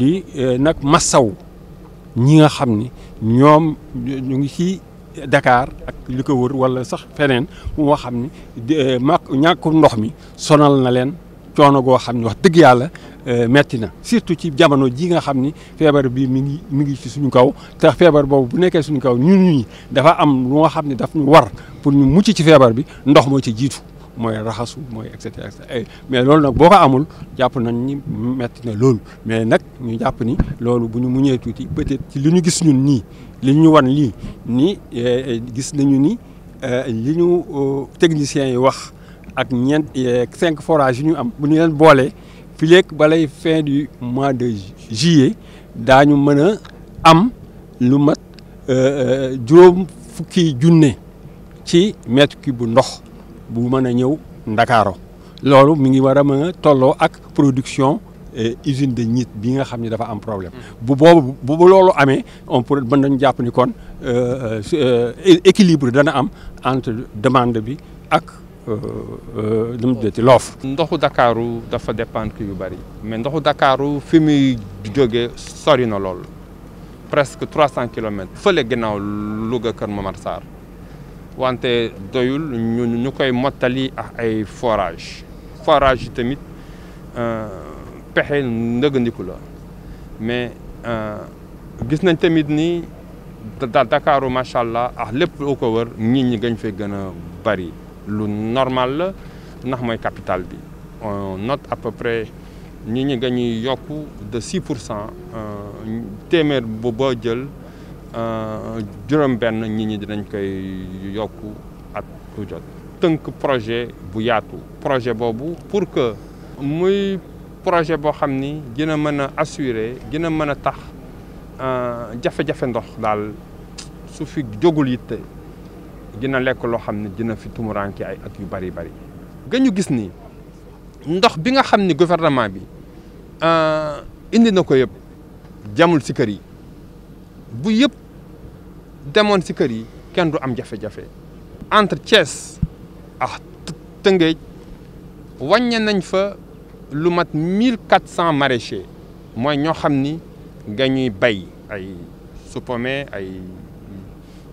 di eh, nag massaw ñi nga xam ni ñoom ñu ngi ci dakaar ak li ko wër wala sax feneen moo xam ni eh, mak ñàkku ndox mi sonal na leen coono goo xam ni wax dëgg yàlla eh, metti na surtout ci jamono ji nga xam ni feebar bi mi ngi mi ngi ci suñu kaw te feebar boobu bu nekkee suñu kaw ñun ñi dafa am lu nga xam ne daf ñu war pour ñu mucc ci feebar bi ndox moo ci jiitu moy raxasu moy eh, mais nak boko amul japp nañ ni metti mais nak ñu japp ni buñu peut-être ci gis ni techniciens yi wax ak eh, cinq forages ñu am buñu len fin du mois de juillet dañu mëna am lu mat euh, euh, juroom fukki ci bu mën a ñëw Ndakaaro loolu mi ngi war a mën tolloo ak production eh, usine de Niit bi nga xam ne dafa am problème mm. bu boobu bu loolu amee on peut mën nañu jàpp ni kon euh, euh, équilibre dana am entre demande bi ak euh, lu mu dee ci loof ndoxu Ndakaaru dafa dépendre yu bëri mais ndoxu Ndakaaru fi muy jógee sori na lool presque trois cent kilomètres fële ginnaaw Louga Kër Momar Sarr wante doyul ñu ñu koy mottali ak ay forage forage yi tamit euh, pexe ndëgandiku la mais euh, gis nañ tamit ni da Dakaaru macha allah ak lépp lu ko wër nit ñi gañ fee gën a bari lu normal la ndax mooy capitale bi on note peu près nit ñi gañuy yokku de 6 pour cent euh, téeméer bu boo jël juróom-benn nit ñi dinañ koy yokk ak bu tënk projet bu yaatu projet boobu pour que muy projet boo xam ni gën a mën a assurer gën a mën a tax euh, jafe-jafe ndox daal su fi jógul yitte dina lekk loo xam ne dina fi tumuranke ay at yu bari bari ga ñu gis ni ndox bi nga xam ni gouvernement bi euh, indi na ko yëpp jamul si kër yi bu yëpp demoon si kër yi kenn du am jafe-jafe entre Thiès ak Tëngéej wàññe nañ fa lu mat mille quatre cent maraîchers mooy ñoo xam ni nga ñuy bay ay supome ay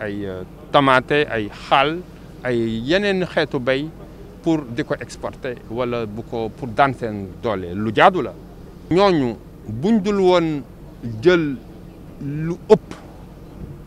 ay euh, tomate ay xaal ay yeneen xeetu bay pour di exporter wala bu ko pour daan seen doole lu jaadu la ñooñu buñ dul woon lu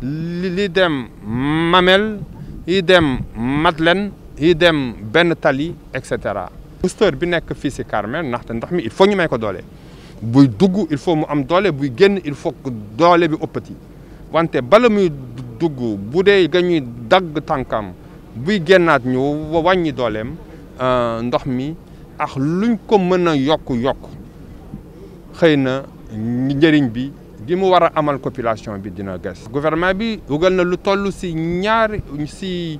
Lidem Mamel idem Madlen, Madeleine yi Tali et booster bi Carmel il faut ñu may ko doole il faut mu am doole il faut dole bi ëppati wante balamu dugg bu dee ga ñuy dagg tànkam génnaat ñu wàññi dooleem euh, ndox mi ak luñ ko a bi mu war a amal population bi dina gas gouvernement bi dugal na lu toll si ñaari si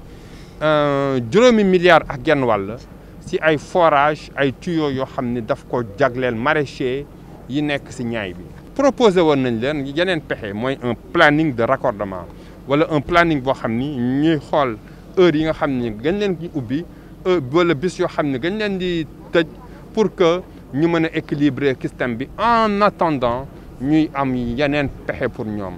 euh, juróomi milliards ak genn wàll si ay forage ay tuyaux yoo xam ne daf ko jagleel maraîcher yi nekk si ñaay bi proposé woon nañ leen yeneen pexe mooy un planning de raccordement wala un planning boo xam ni ñuy xool heure yi nga xam ne gañ leen di ubbi wala bis yoo xam ne gañ leen di tëj pour que ñu mën a équilibrer système bi en attendant ñuy am yeneen pexe pour ñoom